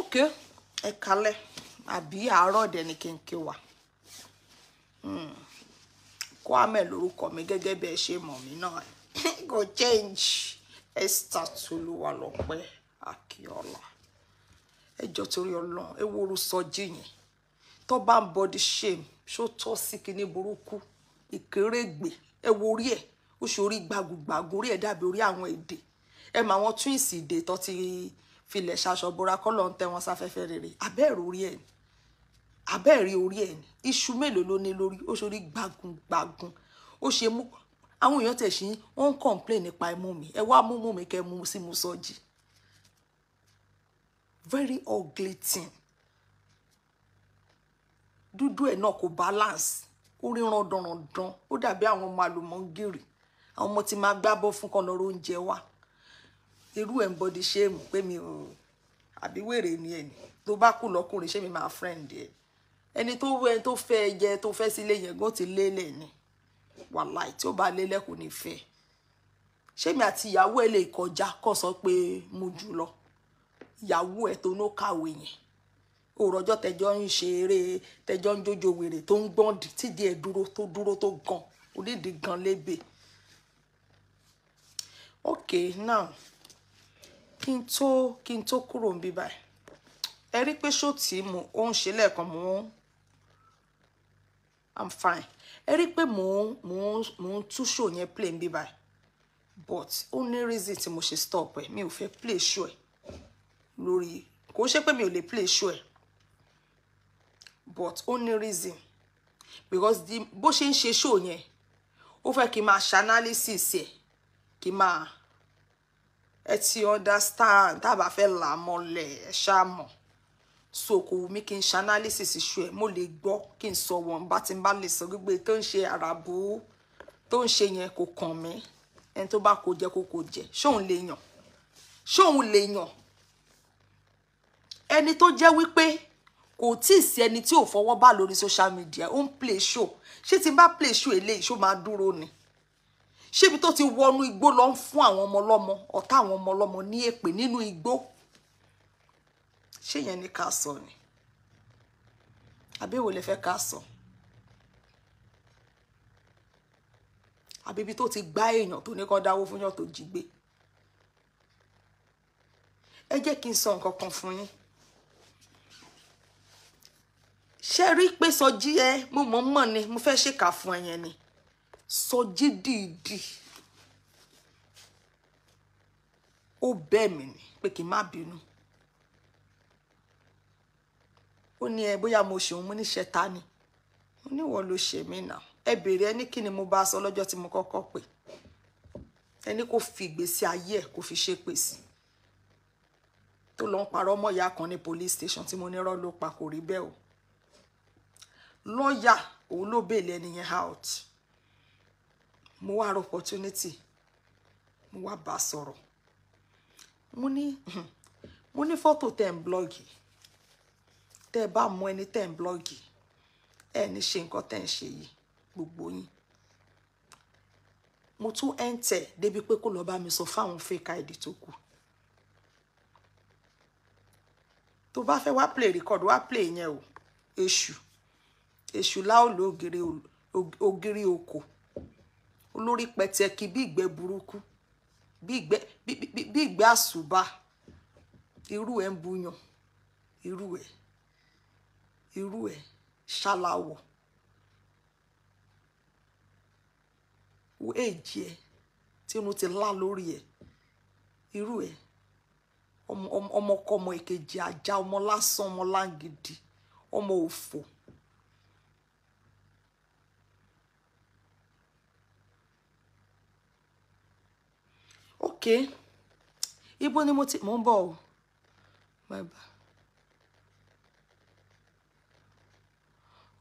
ok ẹ kalẹ̀ àbí àárọ̀ ọdẹ ni kí n kí wa hmm. Kwame lórúkọ mi gẹ́gẹ́ bí ẹ ṣe mọ̀ mí náà go change Esther Tolúwalọpẹ́ Akíọlá ẹjọ torí Ọlọ́run ewúro sọjí yẹn tó bá ń body shame ṣó tọ́ sí kinní burúkú ìkérégbè ẹwọ orí ẹ ó ṣe orí gbagùgbàgùn orí ẹ dàbí orí àwọn èdè ẹ mà wọn twins èdè tó ti filẹ̀ ṣaṣọ bora kọ́ lọ́n tẹ́ wọn sáfẹ́fẹ́ rere abẹ́ẹ̀rí orí ẹ̀ ni abẹ́ẹ̀rí orí ẹ̀ ni iṣu mélòó ló ní lórí ó ṣe orí gbàgùn gbàgùn ó ṣe mú àwọn èèyàn tẹ̀ sí wọ́n ń complain nípa imú mi ẹ wá mú mú mi kẹ́ mú sí mú sọ́jì very ugly thing dúdú ẹ̀ náà kò balance ó ríran dandan ó dàbí àwọn ọmọ àlùmọ́ngìrì àwọn ọmọ tí máa gbábọ́ fún kan lọ́rọ̀ oúnjẹ wa irú ẹ̀ ń body shame pé mi ò àbí wèrè ni ẹ̀ ni tó bá kù lọ́kùnrin ṣé mi máa friend ẹ̀ ẹni tó wẹ tó fẹ́ ẹ jẹ tó fẹ́ sílé yẹn gan ti lélẹ̀ ni wàláì tí ó bá lélẹ̀ kò ní fẹ́ ṣé mi àti ìyàwó ẹ lè kọjá kó sọ pé mo jù lọ ìyàwó ẹ tó ló kàwé yẹn òròjọ tẹjọ ń ṣe eré tẹjọ ń jójo wèrè tó ń gbọ́n tídìí ẹ dúró tó dúró tó gan onídìí gan lébè okay now kí n tó kí n tó kúrò ń bí báyìí ẹ rí pé ṣòtì mo ó ń ṣe lẹ́ẹ̀kan mo ń i'm fine ẹ rí pé mo ń mo ń mo ń tú ṣò yẹn play ń bí báyìí but only reason tí mo ṣe stop ẹ mi ò fẹ́ play ṣò ẹ lórí kò ṣe pé mi ò lè play ṣò ẹ but only reason because the bó ṣe ń ṣe ṣò yẹn ó fẹ́ kí n máa ṣe analysis ẹ kí n máa ẹ ti understand tábà fẹ́ là á mọ́lẹ̀ ẹ ṣáà mọ̀ so kò wù mí kí n ṣe analysis ṣu ẹ mo lè gbọ́ kí n sọ wọn bá ti ń bá lè sọ gbígbé tó ń ṣe àràbù tó ń ṣe yẹn kò kàn mí ẹni tó bá kò jẹ kó kò jẹ ṣóun lè yàn ṣóun lè yàn ẹni tó jẹ́ wípé kò tí ì sí ẹni tí ò fọwọ́ bá lórí social media ó ń play show ṣé tí n bá play show eléyìí ṣó máa dúró ni ṣébi tó ti wọnú igbó lọ ń fún àwọn ọmọ ọlọ́mọ ọ̀tá àwọn ọmọ ọlọ́mọ ní èpè nínú igbó ṣé yẹn ni ká sọ ni àbí èwo lẹ fẹ́ ká sọ àbí ibi tó ti gbá èèyàn tó ní kó dáwó fún yàn tó jí gbé ẹ jẹ́ kí n sọ nǹkan kan fún yín ṣe rí pé sọ jí ẹ mo mọ̀ mọ̀ ni mo fẹ́ ṣèkà fún ẹ yẹn ni sọjí dìídì ó bẹ́ẹ̀ mí ni pé kí n má bínú ó ní ẹ bóyá mo ṣeun mo ní ṣẹta ni mo níwọ ló ṣe mí nà ẹ bèrè ẹni kí ni mo bá sọ lọ́jọ́ tí mo kọ́kọ́ pè ẹni kò fi ìgbésí ayé ẹ̀ kò fi ṣe pèsè tó lọ ń parọ́ mọ́ ìyá kan ní police station tí mo ní rọ́ ló pa kò rí bẹ́ẹ̀ o lọ́ọ̀yà òun ló bèèlè ẹni yẹn out mo wá ro opportunity mo wá bá sọ̀rọ̀ mo ní hmm, mo ní fọ́tò tẹ̀ ń blọ́ọ̀gì tẹ́ ẹ bá mọ ẹni tẹ́ ń blọ́ọ̀gì ẹ ní ṣe nǹkan tẹ́ ń ṣe yìí gbogbo yín mo tún ẹ̀ǹtẹ̀ débi pé kó lọ́ọ́ bá mi sọ fáwọn fake ID tó kù tó bá fẹ́ wá play record wá play yẹn o èṣù èṣù láòlù ògiri ògiri olórí pẹ̀tẹ́kì bí ìgbẹ́ burúkú bí ìgbẹ́ bí ìgbẹ́ àsùbá irú ẹ̀ ń buyan irú ẹ̀ irú ẹ̀ ṣàlàwọ̀ wo èjì ẹ̀ tí inú ti lá lórí ẹ̀ irú ẹ̀ ọmọkọ́mọ èkejì ajá ọmọ lásán ọmọ láǹgìdì ọmọ òfò. ok ibo ni mo ti mò ń bọ̀ o bye bye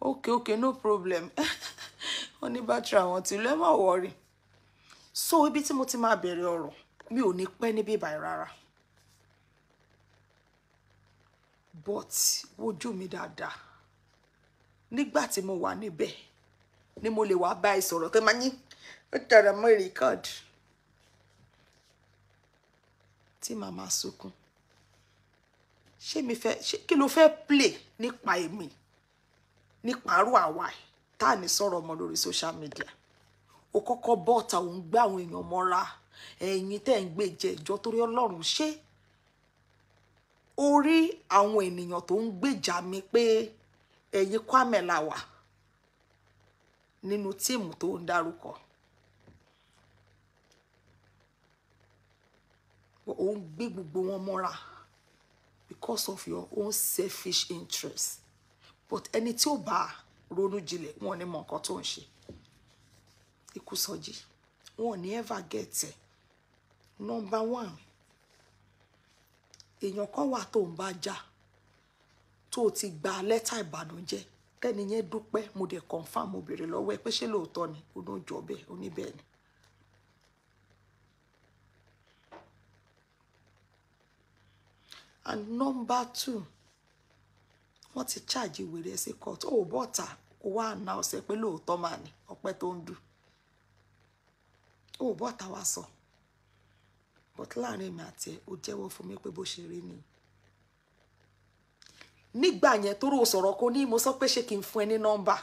ok no problem wọ́n ní bátìrì àwọn ti lọ ẹ má wọrí so ibi tí mo ti máa bẹ̀rẹ̀ ọ̀rọ̀ mi ò ní pẹ́ níbí báyìí rárá but wojú mi dáadáa nígbà tí mo wà níbẹ̀ ni mo lè wá bá ẹ sọ̀rọ̀ tó máa yín ó dára mọ́ ìrìkọ́dù tí màá máa sunkún ṣé mi fẹ́ ṣé kí ló fẹ́ play nípa èmi nípa àrò àwa ẹ̀ tá à ní sọ̀rọ̀ ọmọ lórí social media ó kọ́kọ́ bọ́ ọ̀tà òun gbé àwọn èèyàn mọ́ra ẹ̀yin tẹ́ ń gbé jẹ ìjọ torí ọlọ́run ṣé orí àwọn ènìyàn tó ń gbèjà mi pé ẹ̀yin Kwame la wà nínú tíìmù tó ń dárúkọ but òun gbé gbogbo wọn mọ́ra because of your own selfish interest but ẹni tí ó bá ronú jinlẹ̀ wọn ní mọ nǹkan tó ń ṣe ikú sọjí wọn ní ever get ẹ number one èèyàn kan wà tó ń bá jà tó o ti gba lẹ́tà ìbànújẹ́ tẹ́ni yẹn dúpẹ́ mo dẹ̀ confam mo béèrè lọ́wọ́ ẹ pé ṣé lóòótọ́ ni ó ló ń jọ bẹ́ẹ̀ ó ní bẹ́ẹ̀ ni and number two wọ́n ti charge wèrè ẹ̀ sí court ó bọ̀ ta ó wá àná ọ̀sẹ̀ pé lóòótọ́ máa ní ọpẹ́ tó ń dù ó bọ̀ ta wá sọ but láàrin èmi àti ẹ ó jẹ́wọ́ fún mi pé bó ṣe rí ni nígbà yẹn tó rò sọ̀rọ̀ kó ní mo sọ pé ṣé kí n fún ẹ ní nọ́mbà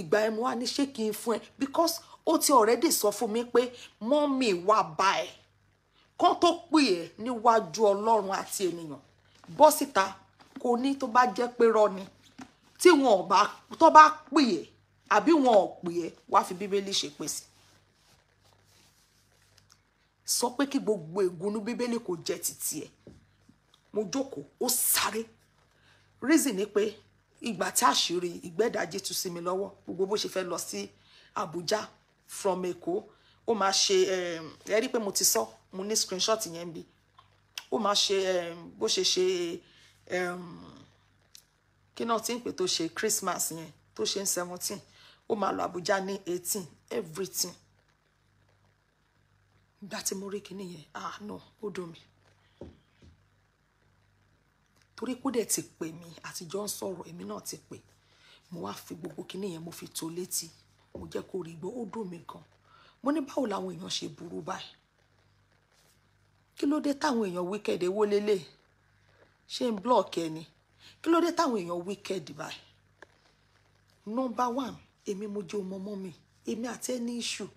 ìgbà ẹ mo wá ní ṣé kí n fún ẹ because ó ti already sọ fún mi pé mọ́mì wà bá kán tó pè ni níwájú ọlọ́run àti ènìyàn bọ́ síta kò ní tó bá jẹ́ pé rọ́ ni tí wọn bá tó bá pè ẹ́ àbí wọn ò pè ẹ́ wá fi bíbélì ṣe pèsè sọ pé kí gbogbo ègúnú bíbélì kò jẹ́ títí ẹ̀ mo jókòó ó sáré reason ni pé ìgbà tí àṣírí ìgbẹ́dàjì tú sí mi lọ́wọ́ gbogbo bó ṣe fẹ́ lọ sí Abuja from Èkó ó máa ṣe eh, ẹ rí i mo ti sọ mo ní screenshot yẹn bi ó máa ṣe ehm, bó ṣe ṣe ehm, kí náà tí ń pè tó ṣe Christmas yẹn tó ṣe ń seventeen ó máa lọ Abuja ní eighteen everything ìgbà tí mo rí kinní yẹn ah no ó dùn mí torí kó dẹ̀ ti pè mí àtijọ́ ń sọ̀rọ̀ èmi náà ti pè mo wá fi gbogbo kinní yẹn mo fi tó létí mo jẹ́ kó rí gbọ́ ó dùn mí gan mo ní báwo làwọn èèyàn ṣe burú báyìí kí ló dé táwọn èèyàn wicked ewó lélẹ̀ ṣé ń block ẹni kí ló dé táwọn èèyàn wicked báyìí number one èmi mo jẹ́ ọmọ ọmọ mi èmi àti ẹni issue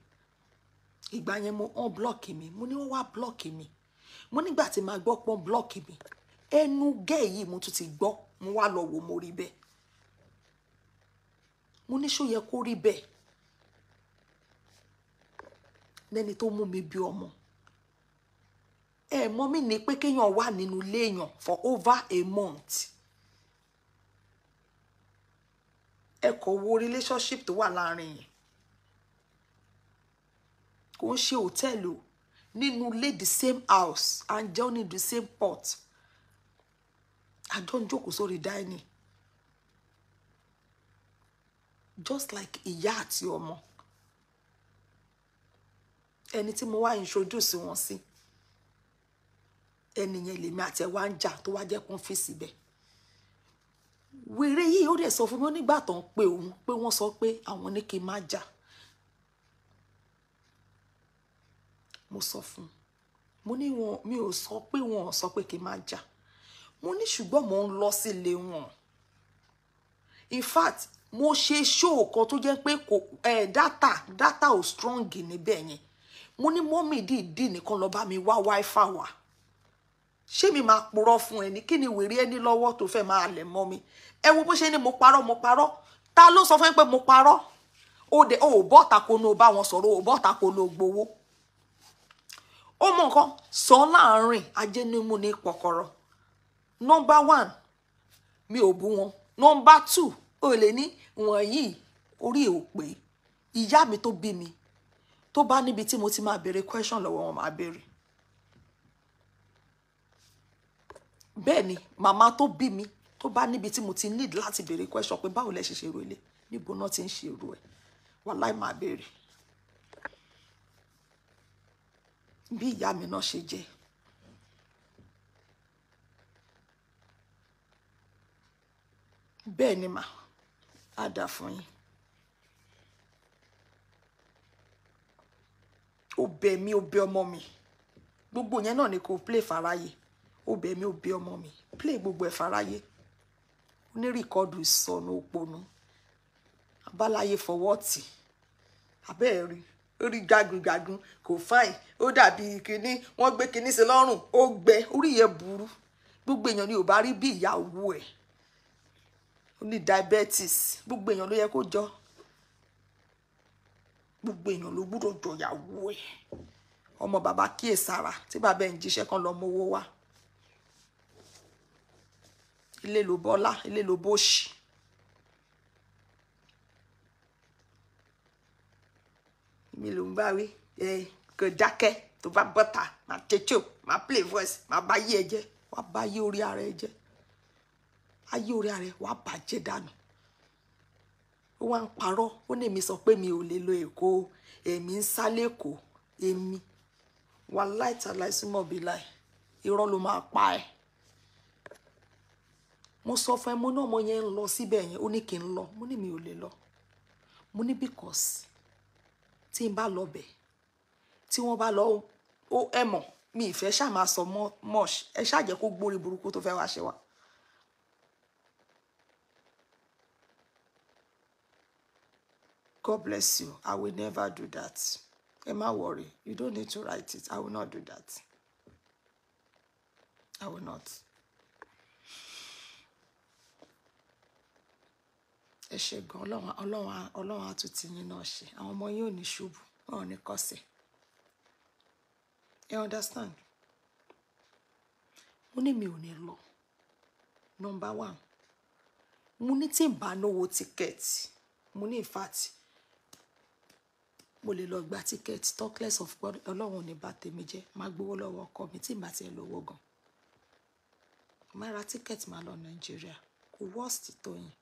ìgbà yẹn mo on block mi mo ní wọ́n wá block mi mo nígbà tí màá gbọ́ pọ́n block mi ẹnu gẹ́ yìí mo tún ti gbọ́ mo wá lọ wò mo rí bẹ́ẹ̀ mo ní ṣó kó rí bẹ́ẹ̀ lẹ́ni tó mú mi bí ọmọ ẹ mọ mí ní pé kéèyàn wà nínú ilé èèyàn for over a month ẹ kò wo relationship tó wà láàrin yìí kò ń ṣe hòtẹ́ẹ̀lì o nínú ilé the same house and jẹun ní the same pot àjọ ń jókòó sórí dining just like ìyá àti ọmọ ẹni tí mo wá introduce wọn sí ẹnìyẹn lèmi àti ẹ ń jà tó wá jẹ́ kó ń fi síbẹ̀ wèrè yìí ó dẹ̀ sọ fún mi nígbà tó ń pe òun pé wọ́n sọ pé àwọn ní kí n má jà mo sọ fún mo ní wọn mi ò sọ pé wọn ò sọ pé kí n má jà mo ní ṣùgbọ́n mo ń lọ sílé wọn in fact mo ṣe ṣóò kan tó jẹ́ pé kò ẹ̀ dátà dátà ò strong níbẹ̀ yẹn mo ní mọ́mì dìídì nìkan lọ́ọ́ bá mi wá wáífà wá. Wa ṣé mi máa purọ́ fún ẹni kí ni wèrè ẹni lọ́wọ́ tó fẹ́ máa lẹ̀ mọ́ mi ẹ wo bó ṣe ní mo parọ́ mo parọ́ ta ló sọ fún mi pé mo parọ́ ó de ó bọ́ takonu bá wọn sọ̀rọ̀ ó bọ́ O gbowó ó mọ nǹkan sọ láàárín ajénímù ní pọ̀kọ̀rọ̀ nọ́mbà one mi ò bú wọn nọ́mbà two ó lè ní wọ̀nyí orí ò pé ìyá mi tó bí mi tó bá níbi tí mo ti máa béèrè question lọ́wọ́ wọn máa béèrè bẹ́ẹ̀ ni màmá tó bí mi tó bá níbi tí mo ti need láti béèrè question pé báwo lẹ ṣe ṣe ro níbo náà ti ń ṣe ro ẹ wàláì máa béèrè bí ìyá mi náà ṣe jẹ́ bẹ́ẹ̀ ni mà á dà fún yín ó bẹ̀ mí ó bẹ̀ ọmọ mi gbogbo yẹn náà ni kò play faraye obẹ̀ mi obẹ̀ ọmọ mi play gbogbo ẹ̀ fáráyé onírìkọ́dù sọnù òponu abáláyé fọwọ́ tì abẹ́ẹ̀ rí orí jagunjagun kò fáìn ó dàbí kinní wọ́n gbé kinní sí lọ́rùn ó gbẹ orí yẹn burú gbogbo èèyàn ni ò bá rí bí ìyàwó ẹ̀ ó ní diabetes gbogbo èèyàn ló yẹ kó jọ gbogbo èèyàn ló gbúdọ̀ jọ ìyàwó ẹ̀ ọmọ bàbá kíyèsára tí bàbá ẹ̀ ń jíṣẹ́ kan lọ mówó wá ilé ló bọ́lá ilé ló bóṣì. mi ló ń bá wí ẹ kò dákẹ́ tó bá bọ́ta máa tètè máa play voice máa bá yé ẹ jẹ wàá bá yé orí ara ẹ jẹ ayé orí ara ẹ wàá bàjẹ́ dànù ó wá ń parọ́ ó ní èmi sọ pé mi ò lè lo èkó èmi ń sá lẹ́kọ̀ọ́ èmi wàláìtàláìsímọ̀bí láì irọ́ ló máa pa ẹ́ mo sọ fún ẹ mo ní ọmọ yẹn ń lọ síbẹ̀ yẹn ó ní kí n lọ mo ní mi ò lè lọ mo ní because tí n bá lọ bẹ̀ tí wọ́n bá lọ ó ẹ mọ̀ mi ìfẹ́ ṣáà máa sọ mọ́ṣ ẹ ṣáà jẹ́ kó gbórí burúkú tó fẹ́ wá ṣe wá. God bless you. I will never do that. Ẹ má worry. You don't need to write it. I will not do that. I will not. ẹ ṣe gan ọlọ́run ọlọ́run ọlọ́run àtúntì yín náà ṣe àwọn ọmọ yín ò ní ṣubú wọn ò ní kọsẹ̀ ẹ understand mo ní mi ò ní lọ number one mo ní tí n bá náwó tíkẹ́ẹ̀tì mo ní in fact mo lè lọ gba tíkẹ́ẹ̀tì talkless of God ọlọ́run ò ní bá tèmi jẹ́ máa gbowó lọ́wọ́ ọkọ mi tí n bá tiẹ̀ lówó gan máa ra tíkẹ́ẹ̀tì máa lọ nàìjíríà kò wọ́ọ̀sì tó yìn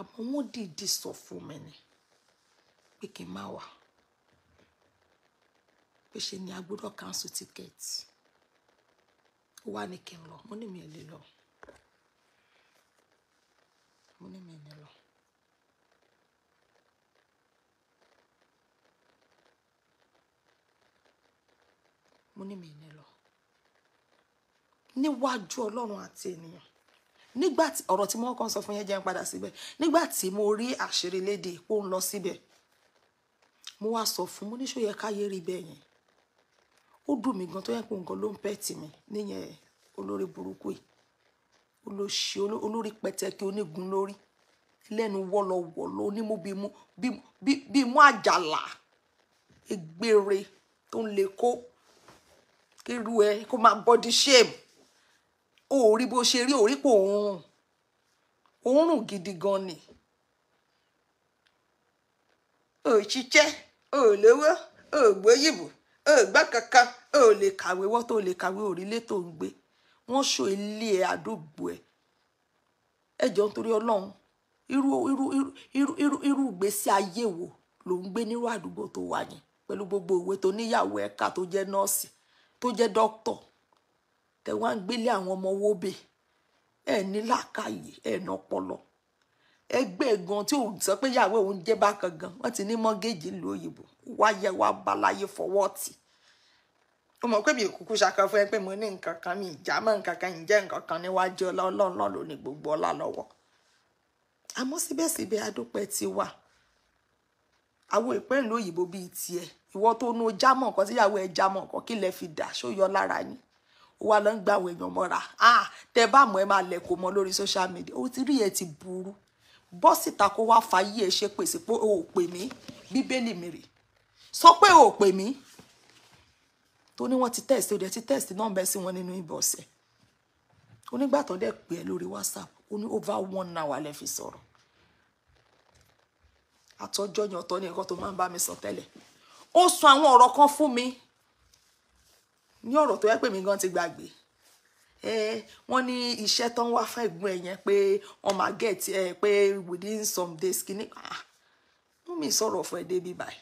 àmọ́ wọ́n dìídì sọ fún mi ni pé kí n má wà pé ṣe ni a gbọ́dọ̀ cancel ticket ó wà ní kí n lọ mo ní mi ò lè lọ mo ní mi ò lè lọ. mo ní mi ò lọ níwájú ọlọ́run àti ènìyàn nígbà tí ọ̀rọ̀ tí mo kàn sọ fún yẹn jẹ́ ń padà síbẹ̀ nígbà tí mo rí àṣírí léde pé ó ń lọ síbẹ̀ mo wá sọ fún mo ní ṣó yẹ káyé rí bẹ́ẹ̀ yẹn ó dùn mí gan tó yẹ pé nǹkan ló ń pẹ́ tì mí níyẹn olórí burúkú yìí olóṣì olórí pẹtẹkẹ onígun lórí lẹ́nu wọ́lọ́wọ́lọ́ onímú bímú bímú àjàlá egbére tó ń le kó kí irú ẹ kó máa body shame o ò rí bó ṣe rí òrí pò òórùn òórùn gidi gan ni ò ṣiṣẹ́ ò lówó ò gbóyìnbó ò gbá kankan ò lè kàwé wọ́n tó lè kàwé òrílé tó ń gbé wọ́n ṣó ilé ẹ̀ àdógbò ẹ̀ ẹjọ́ nítorí ọlọ́run irú irú irú irú irú ìgbésí ayé wo ló ń gbé nírú àdúgbò tó wà yẹn pẹ̀lú gbogbo òwe tó níyàwó ẹ̀ka tó jẹ́ nọ́ọ̀sì tó jẹ́ dókítọ̀ tẹ wá ń gbélé àwọn ọmọ owó bè ẹ ní làákàyè ẹ ní ọpọlọ ẹgbẹ́ gan tí ò sọ pé yàwó òun jẹ́ bákan gan wọ́n ti ní mọ́gẹ́jì ńlú òyìnbó wáyẹ wá balaye fọwọ́ tì ó mọ̀ pé bí ìkúkú ṣàkàn fún ẹ pé mo ní nǹkan kan mi ìjà mọ́ nǹkan kan ìjẹ́ nǹkan kan níwájú ọlọ́run náà ló ní gbogbo ọlá lọ́wọ́ àmọ́ síbẹ̀síbẹ̀ adúpẹ́ ti wà àwọn ìpẹ́ǹlú òyìnbó bíi tiẹ̀ ìwọ tó nu jámọ̀ nǹkan tíyàwó ẹ̀ jámọ̀ nǹkan kí lẹ fi dà ṣó yọ lára yín wà ló ń gbà àwọn èèyàn mọ́ra ah tẹ bá mọ̀ ẹ máa lẹ̀ kó lórí social media ó ti rí ẹ ti burú bọ́ síta kó wá fàyè ẹ ṣe pèsè pé o ò pè mí bíbélì mi rè sọ pé o ò pè mí tó ní wọ́n ti test ó dẹ̀ ti test nọ́mbà sí wọn nínú ìbọ̀sẹ̀ onígbà tó dẹ̀ pè é lórí whatsapp ó ní over one hour lẹ́ fi sọ̀rọ̀ àtọ́jọ́ yẹn ọ̀tọ̀ ní nǹkan tó máa ń bá mi sọ tẹ́lẹ̀ ó sọ àwọn ọ̀rọ̀ kan fún mi ní ọ̀rọ̀ tó yẹ pé mi gan ti gbàgbé ẹ wọ́n ní iṣẹ́ tó ń wá fún ẹ̀gbọ́n ẹ̀ pé wọ́n máa get ẹ pé within some days kìíní ah mú mi sọ̀rọ̀ fún ẹ débi báyìí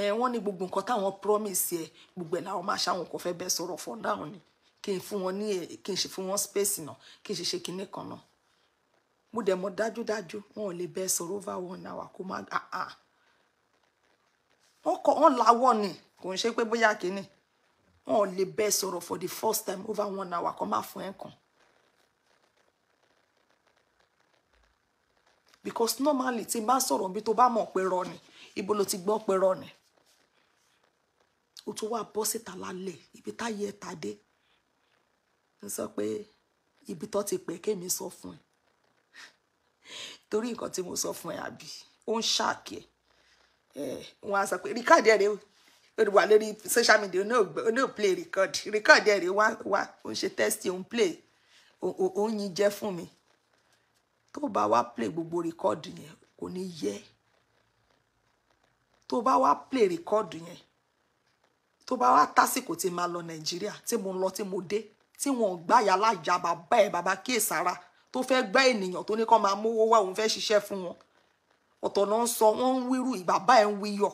ẹ wọ́n ní gbogbo nǹkan táwọn promise ẹ gbogbo ẹ̀ làwọn máa ṣàwọn kò fẹ́ bẹ́ẹ̀ sọ̀rọ̀ for now ni kí n fún wọn ní kí n ṣe fún wọn space náà kí n ṣe ṣe kinní kan náà mo dẹ̀ mọ̀ dájúdájú wọn ò lè bẹ sọ̀rọ̀ over one hour kó má ah ah wọn kọ wọn làwọ̀ ni kò ń ṣe pé bóyá kínní wọn ò lè bẹ sọ̀rọ̀ for the first time over one hour kó má fún ẹ̀ kàn. because normally tí n bá sọ̀rọ̀ bí tó bá mọ̀ pé rọ ni ibo ló ti gbọ́ pé rọ ni o tún wá bọ́ síta lálẹ́ ibi táyé ẹ̀ ta dé n sọ pé ibi tó ti pẹ́ kémi sọ fún ẹ torí nǹkan tí mo sọ fún ẹ àbí ó ń ṣàkí ẹ wọn á sọ pé rìkọ́ọ̀dì ẹ̀ rẹ ó wà lórí social media ó ní ò play record record ẹ̀ rẹ wá wá ó ń ṣe test ó ń play ó ń yin jẹ́ fún mi tó bá wá play gbogbo record yẹn kò ní yẹ tó bá wá play record yẹn tó bá wá tásìkò tí máa lọ nàìjíríà tí mo lọ tí mo dé tí wọn gbáyà lájà bàbá ẹ bàbá kíyèsára tó fẹ́ gbá ènìyàn tó ní kán máa mówó wá òun fẹ́ ṣiṣẹ́ fún wọn ọ̀tọ̀ náà ń sọ wọ́n ń wírù ìbàbá ẹ̀ ń wíyọ̀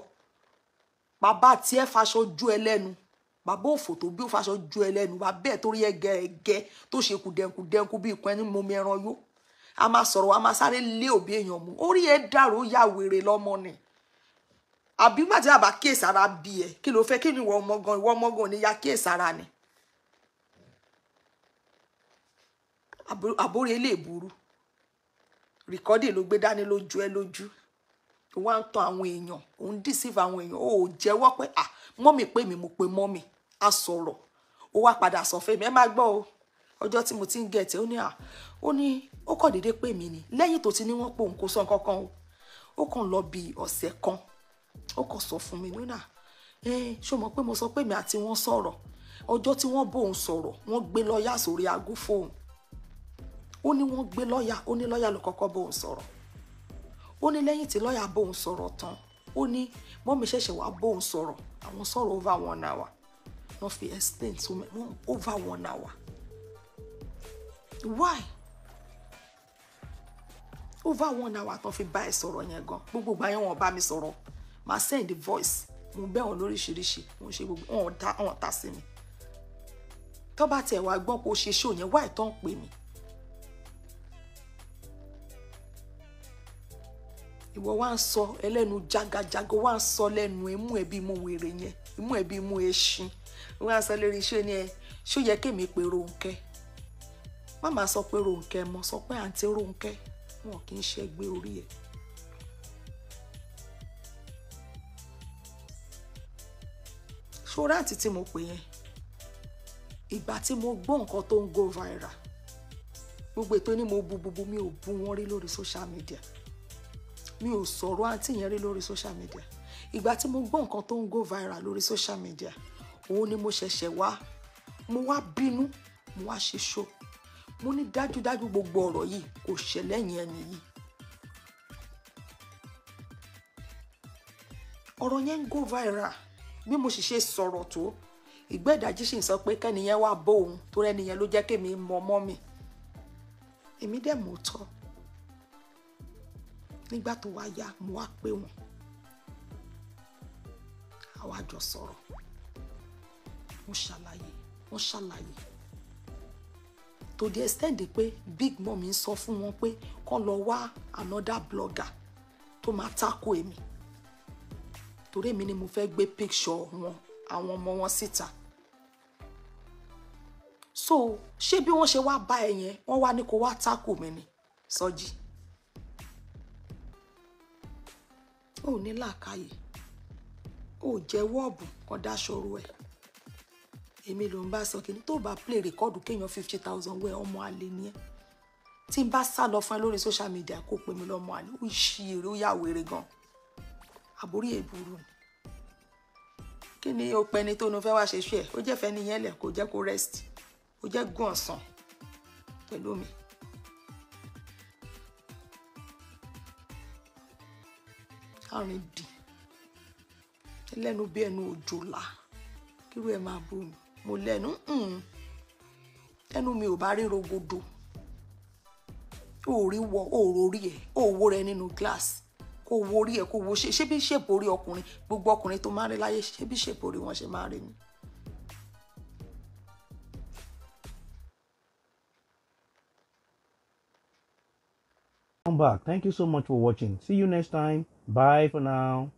bàbá tiẹ̀ faṣọ ju ẹlẹ́nu bàbá òfò tó bí ó faṣọ ju ẹlẹ́nu bàbá ẹ̀ tó rí ẹgẹ ẹgẹ tó ṣe kùdẹ̀kùdẹ̀kù bí ìpín ẹni mọmi ẹran yó a máa sọ̀rọ̀ a máa sáré lé òbí èèyàn mú orí ẹ̀ dàrú ya wèrè lọ́mọ ni àbí gbàtí àbá kíyèsára bí ẹ kí ló fẹ́ kí ni ìwọ ọmọ gan ìwọ ọmọ gan ò ya kíyèsára ni àbórí eléèbúrú rìkọ́dì ló gbé dání lójú ẹ lójú wá ń tan àwọn èèyàn òun deceive àwọn èèyàn ó jẹ́wọ́ pé à mọ́mì pé mi mo pe mọ́mì a sọ̀rọ̀ ó wá padà sọ fún mi ẹ má gbọ́ o ọjọ́ tí mo ti ń gẹ̀tẹ̀ ó ní à ó ní ó kàn déédé pè mí ni lẹ́yìn tó ti ní wọ́n pò ń kó sàn kankan o ó kàn lọ bí ọ̀sẹ̀ kan ó kàn sọ fún mi nínà ẹ ṣó mọ̀ pé mo sọ pé mi àti wọ́n sọ̀rọ̀ ọjọ́ tí wọ́n bóun sọ̀rọ̀ wọ́n gbé lọ́ọ̀yà sórí aago ó ní wọ́n gbé lọ́ọ̀yà ó ní lọ́ọ̀yà ló kọ́kọ́ bóun sọ̀rọ̀ ó ní lẹ́yìn tí lọ́ọ̀yà bóun sọ̀rọ̀ tán ó ní mọ́mí ṣẹ̀ṣẹ̀ wá bóun sọ̀rọ̀ àwọn sọ̀rọ̀ over one hour wọ́n fi explain to me over one hour why over one hour tán fi bá ẹ sọ̀rọ̀ yẹn gan gbogbo ìgbà yẹn wọ́n bá mi sọ̀rọ̀ màá send voice mo bẹ̀ wọ́n lóríṣiríṣi mo ṣe gbogbo wọn ò ta sí mi tó bá tiẹ̀ wá gbọ́n kó ṣe ṣó yẹn wáì tán pè mí ìwọ wá ń sọ ẹlẹ́nu jágajágo wá ń sọ lẹ́nu imú ẹ̀ bí imú wèrè yẹn imú ẹ̀ bí imú eṣin wọ́n á sọ lórí iṣẹ́ ni ẹ ṣó yẹ kémi pe Ronkẹ́ má máa sọ pé Ronkẹ́ mọ́ sọ pé àǹtí Ronkẹ́ wọn kì í ṣe gbé orí ẹ̀. ṣó rántí tí mo pè yẹn ìgbà tí mo gbọ́ nǹkan tó ń go viral gbogbo ètò ni mo bu gbogbo mi ò bú wọn rí lórí social media mi ò sọ̀rọ̀ àǹtí yẹn rí lórí social media ìgbà tí mo gbọ́ nǹkan tó ń go viral lórí social media òun ni mo ṣẹ̀ṣẹ̀ wá mo wá bínú mo wá ṣe ṣó mo ní dájúdájú gbogbo ọ̀rọ̀ yìí kò ṣẹlẹ̀ yẹn ẹni ọ̀rọ̀ yẹn ń go viral bí mo sì ṣe sọ̀rọ̀ tó ìgbẹ́ ìdájí sì ń sọ pé kẹ́niyẹn wá bó tó rẹ́niyẹn ló jẹ́ kémi mọ mọ́ mi èmi dẹ̀ mọ̀ tọ́ nígbà tó wá yá mo wá pé wọn àwa jọ sọ̀rọ̀ mo ṣàlàyé mo ṣàlàyé to the extent pé big mom ń sọ fún wọn pé kán lọ wá another blogger tó máa tako èmi torí èmi ni mo fẹ́ gbé picture wọn àwọn ọmọ wọn síta so ṣé bí wọ́n ṣe wá bá ẹ yẹn wọ́n wá ní kó wá tako mi ni sọjí. So, ò ní làákàyè ò jẹ́ wọ́ọ̀bù kan dáṣọrò ẹ̀ èmi ló ń bá sọ kìíní tó bá play rẹ́kọ́ọ̀dù kéèyàn fifty thousand wẹ́ ọmọ àlè ni ẹ́ tí n bá sá lọ fún ẹ lórí social media kó pè mí lọ́mọ àlè ó ṣí èrè ó yà wèrè gan àbórí èbúrú ni kí ni o pẹni tó nu fẹ́ wá ṣe ṣú ẹ̀ ó jẹ́ fẹ́ niyẹn lẹ̀ kó jẹ́ kó rest ó jẹ́ gùn ọ̀sán pẹ̀lú mi. káàrìndì ẹlẹ́nu bí ẹnu òjòlá kírú ẹ̀ máa bò mí mo lẹ́nu ẹnu mi ò bá rí rogodo òórí wọ òórò rí ẹ òwò rẹ nínú gíláàsì kò wo orí ẹ kò wo ṣe bí ṣèpò orí ọkùnrin gbogbo ọkùnrin tó máa ń rí láyé ṣe bí ṣèpò orí wọn ṣe máa ń rí ni. back. Thank you so much for watching. See you next time. Bye for now.